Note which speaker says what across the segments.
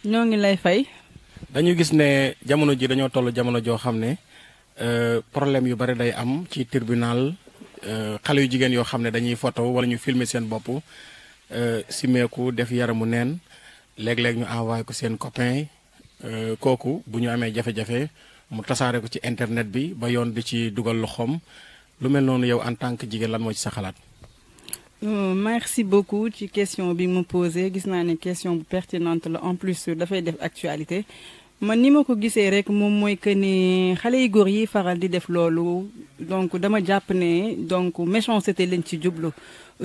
Speaker 1: ñoo ngi lay fay.
Speaker 2: dañu gis ne jamono ji dañoo toll jamono joo xam ne euh, problème yu bari day am ci tribunal euh, xale yu jigéen yoo xam ne dañuy photo wala ñu filmer seen bopp euh, simeeku def yaramu neen léeg-léeg ñu envoyé ko seen copain kooku bu ñu amee jafe-jafe mu tasaare ko ci internet bi ba yoon di ci dugal loxoom lu mel noonu yow en tant que jigéen lan moo ci sa xalaat.
Speaker 1: Euh, merci beaucoup ci question bi mu posé gis naa ne question bu pertinente la en plus dafay def actualité man ni ma ko gisee rek moom mooy que ni xale yu góor yi faral di def loolu donc dama jàpp ne donc méchanceté lañ ci jublu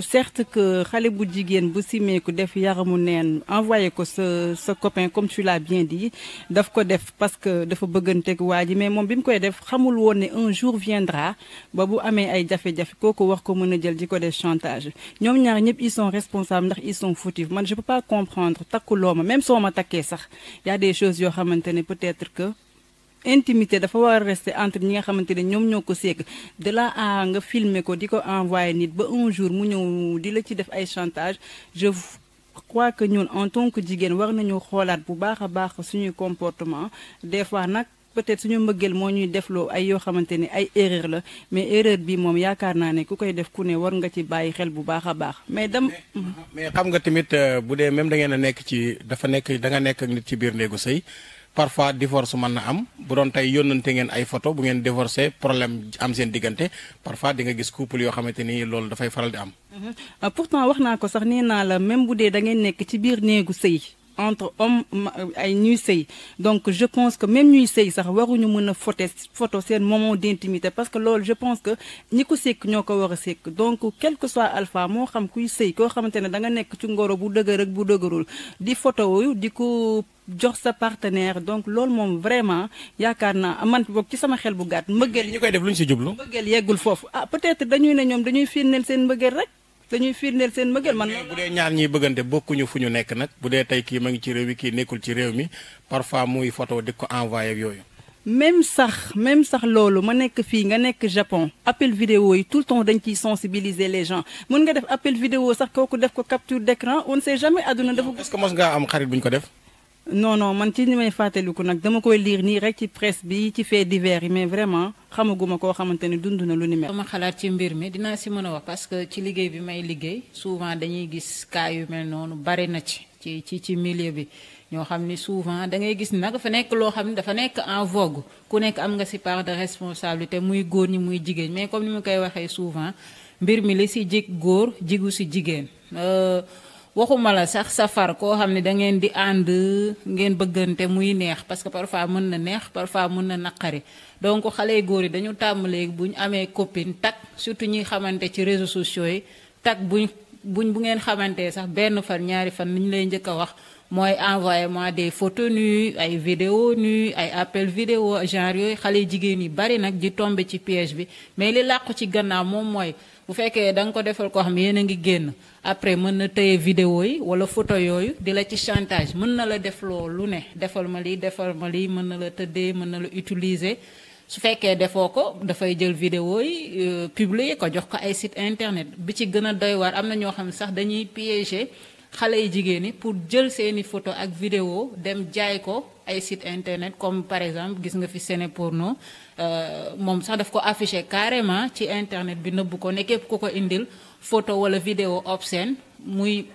Speaker 1: certes que xale bu jigéen bu simmeeku def yaramu neen envoyé ko sa sa copain comme tu l'as bien di daf ko def parce que dafa bëgganteeg waa ji mais moom bi mu koy def xamul woon ne un jour viendra ba bu amee ay jafe-jafe kooku wax ko mën a jël ji ko def chantage ñoom ñaar ñëpp ils sont responsables ndax ils sont fautifs man je peux pas comprendre takkuloo ma même soo ma takkee sax y a des yoo xamante ne peut-être que intimité dafa war a resté entre ñi nga xamante ne ñoom ñoo ko seek de là nga filmer ko di ko envoyé nit ba un jour mu ñëw di la ci def ay chantage je crois que ñoon en tant que jigéen war nañu xoolaat bu baax a baax suñuy comportement des fois nag peut-être suñu mbëggeel moo ñuy defloo ay yoo xamante ne ay erreur la mais erreur bi moom yaakaar naa ne ku koy def ku ne war nga ci bàyyi xel bu baax a baax mais dam
Speaker 2: mais xam nga tamit euh, bu dee même da ngeen a nekk ci dafa nekk da nga nekk ak ci biir néegu sëy parfois divorce mën na am bu doon tey yónnante ngeen ay photo bu ngeen divorcé problème am seen diggante parfois di gis couple yoo xamante ni loolu dafay faral di am.
Speaker 1: Euh, pourtant wax naa ko sax nee la même bu dee da nekk ci biir néegu sëy entre homme ay ñuy sëy donc je pense que même ñuy sëy sax waruñu mën a photo photo seen moment d'intimité parce que loolu je pense que ñi ko sekk ñoo ko war a sekk donc quel que soit alpha moo xam kuy sëy koo xamante ne da nekk ci ngoro bu dëgër bu dëgërul jox sa partenaire donc loolu moom vraiment yaakaar naa man boog ci sama xel bu gàtt mbëggeel ñu koy def lu ñu si jublu mbëggeel yeggul foofu ah peut-être dañuy ne ñoom dañuy firndeel seen mbëggeel rek dañuy firndeel seen mbëggeel man bu
Speaker 2: dee ñaar ñiy bëggante bokkuñu fu ñu nekk nag bu dee tey kii ma ngi ci réew mi kii nekkul ci réew mi parfois muy photo di ko envoyé yooyu
Speaker 1: même sax même sax loolu ma nekk fii nga nekk Japon appel vidéo yi tout le temps dañ ciy sensibiliser les gens mën nga def kooku def ko capture d'écran on ne sait jamais àdduna am xarit bu ko def. non man ci ni may fàttaliku nag dama koy liir nii rek ci presse bi ci fait divers yi mais vraiment
Speaker 3: xamaguma koo xamante ne dund na lu ni mel. sama xalaat ci mbir mi dinaa si mën a wax parce que ci liggéey bi may liggéey souvent dañuy gis cas yu mel noonu bari na ci ci ci ci milieu bi ñoo xam ni souvent dangay gis nag fa nekk loo xam ne dafa nekk en vogue ku nekk am nga si part de responsabilité muy góor ñi muy jigéen mais comme ni ma koy waxee souvent mbir mi li si jig góor jigu si jigéen. Euh, waxuma la sax safar koo xam ne da ngeen di ànd ngeen bëggante muy neex parce que parfois mën na neex parfois mën na naqari donc xale yu góor yi dañu tàmm léegi bu ñu amee copine tak surtout ñuy xamante ci réseau sociaux yi tak buñ buñ bu ngeen xamante sax benn fan ñaari fan ni ñu lay njëkk a wax mooy envoyé moi des photos nues ay vidéo nues ay appel vidéo genre yooyu xale jigéen yi bari nag di tombé ci piège bi mais li làqu ci gannaaw moom mooy bu fekkee da nga ko defal koo xam ne yéen a ngi génn après mën na téye vidéo yi wala photo yooyu di la ci chantage mën na la def loolu ne defal ma lii defal ma lii mën na la tëddee mën na la utiliser su fekkee defoo ko dafay jël vidéo yi euh, publier ko jox ko ay site internet bi ci gën a doy am na ñoo xam sax dañuy piéger xale yi jigéen ñi pour jël seeni photo ak vidéo dem jaay ko ay sit internet comme par exemple gis nga fi Séné Porno euh, moom sax def ko affiché carrément ci internet bi nëbb ko ne képp ku ko indil photo wala vidéo obscène muy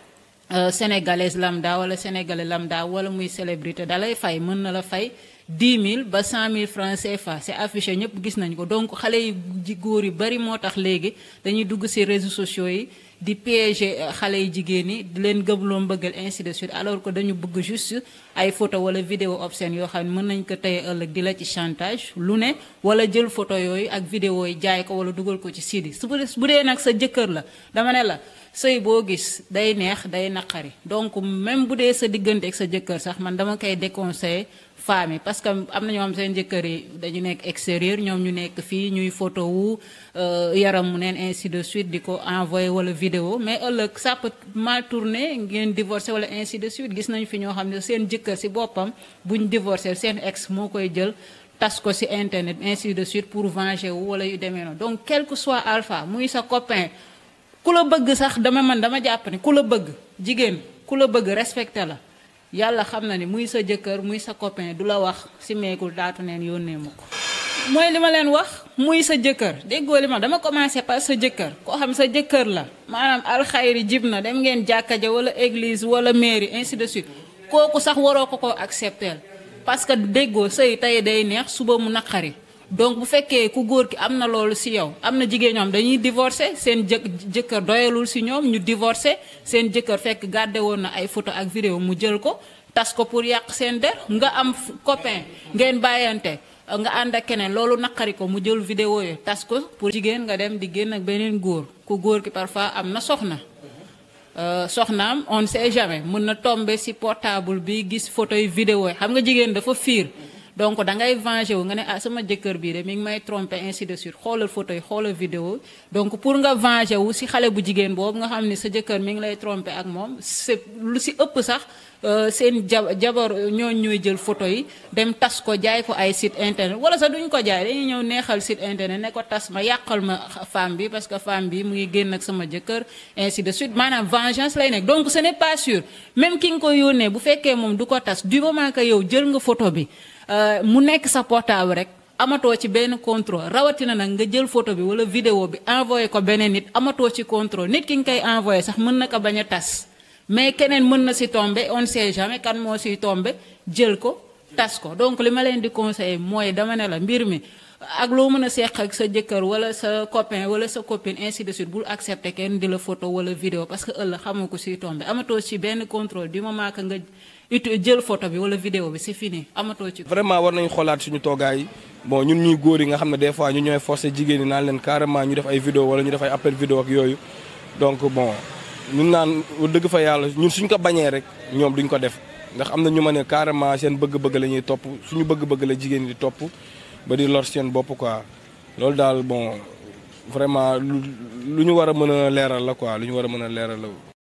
Speaker 3: euh, sénégalaise lambda wala sénégalais lambda wala muy célébrité dalay fay mën na la fay 10 mille ba 100 000 francs CFA c'est affiché ñëpp gis nañ ko donc xale yi góor yu bari moo tax léegi dañuy dugg ci réseau sociaux yi di piéger euh, xale yi jigéen ñi di leen gëmloo mbëggal ainsi de suite alors que dañu bëgg juste ay photo wala vidéo obscène yoo xam ne mën nañ ko teye ëllëg di la ci chantage lu ne wala jël photo yooyu ak vidéo yi jaay ko wala dugal ko ci sidi su bu dee nag sa jëkkër la dama ne la sëy boo gis day neex day naqari donc même bu dee sa diggante ak sa jëkkër sax man dama koy déconseillé femmes yi parce que am na ñoo xam seen jëkkër yi dañu nekk extérieur ñoom ñu nekk fii ñuy photo wu euh, yaram mu neen vidéo mais ëllëg ça peut mal tourner ngeen divorcé wala inci de suite gis nañu fi ñoo xam ne seen jëkkër si boppam buñ divorcé seen ex moo koy jël tas ko si internet ainsi de suite pour venger wu wala yu demee noonu donc quelque que soit alpha muy sa copain ku la bëgg sax dama man dama jàpp ne ku la bëgg jigéen ku la bëgg respecté la yàlla xam na ni muy sa jëkkër muy sa copain du la wax si meekul daatu neen yónnee ma ko mooy li ma leen wax muy sa jëkkër déggoo li ma dama commencé par sa jëkkër koo xam sa jëkkër la maanaam alxayri jib na dem ngeen jàkka ja wala église wala mairie ainsi de suite kooku sax waroo ko ko accepter parce que déggoo sëy tey day neex suba mu naqari donc bu fekkee ku góor ki am na loolu si yow am na jigéen ñoom dañuy divorcé seen jë jëkkër doyalul si ñoom ñu divorcé seen jëkkër fekk gàdde woon na ay photo ak vidéo mu jël ko tas ko pour yàq seen der nga am copain ngeen bàyyante nga ànd ak keneen loolu naqari ko mu jël video yi tas ko pour jigéen nga dem di génn ak beneen góor ku góor ki parfois am na soxna euh, soxnaam on ne sait jamais mën na tomber si portable bi gis photo yi vidéo yi xam nga jigéen dafa fiir donc da ngay venger wu nga ne ah sama jëkkër bii de mi ngi may tromper ainsi de suite xoolal photo yi xoolal vidéo donc pour nga venger wu si xale bu jigéen boobu nga xam ni sa jëkkër mi ngi lay tromper ak moom c'est lu si ëpp sax euh, seen ja jabar ñoo ñooy jël photo yi dem tas ko jaay ko ay site internet wala sax duñ ko jaay dañuy ñëw neexal site internet ne ko tas ma yàqal ma femme bi parce que femme bi mu ngi génn ak sama jëkkër ainsi de suite maanaam vengeance lay nekk donc ce n'est pas sûr même ki nga koy yónnee bu fekkee moom du ko tas du moment que yow jël nga photo bi Euh, mu nekk sa portable rek amatoo ci benn contrôle rawatina nag nga jël photo bi wala vidéo bi envoyé ko beneen nit amatoo ci contrôle nit ki nga koy envoyé sax mën na ko bañ a tas mais keneen mën na si tombe on ne sait jamais kan moo siy tombe jël ko tas ko donc li ma leen di conseiller mooy dama ne la mbir mi. ak loo mën a seq ak sa jëkkër wala sa copain wala sa copine ainsi de suite bul accepter kenn di la photo wala vidéo parce que ëll xamoo ko siy tombé amatoo ci benn contrôle du moment que nga it jël photo bi wala vidéo bi c'est fini amatoo ci. vraiment
Speaker 2: war nañu xoolaat suñu toogaay bon ñun ñuy góor yi nga xam ne des fois ñu ñooy sa jigéen ñi naan leen carrément ñu def ay vidéo wala ñu def ay appel vidéo ak yooyu donc bon ñun naan dëgg fa yàlla ñun suñ ko bañee rek ñoom duñ ko def ndax am na ñu ma ne carrément seen bëgg-bëgg la ñuy topp suñu bëgg-bëgg la jigéen di topp. ba di lor seen bopp quoi
Speaker 3: loolu daal bon vraiment lu ñu war a mën a leeral la quoi lu ñu war a mën a leeral la.